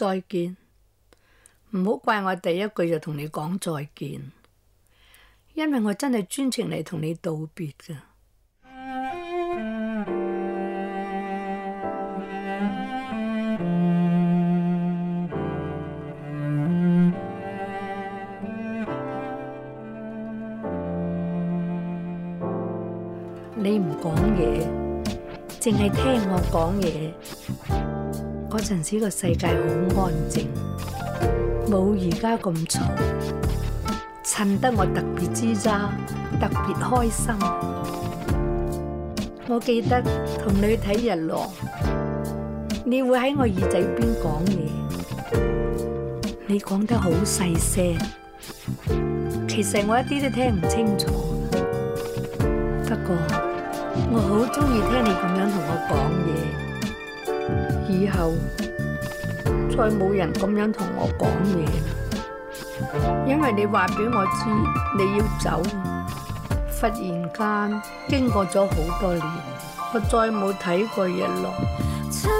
再見，唔好怪我第一句就同你講再見，因為我真係專程嚟同你道別嘅。你唔講嘢，淨係聽我講嘢。嗰陣時個世界好安靜，冇而家咁嘈，襯得我特別吱喳，特別開心。我記得同你去睇日落，你會喺我耳仔邊講嘢，你講得好細聲，其實我一啲都聽唔清楚，不過我好中意聽你咁樣同我講嘢。以後再冇人咁樣同我講嘢，因為你話俾我知你要走。忽然間經過咗好多年，我再冇睇過日落。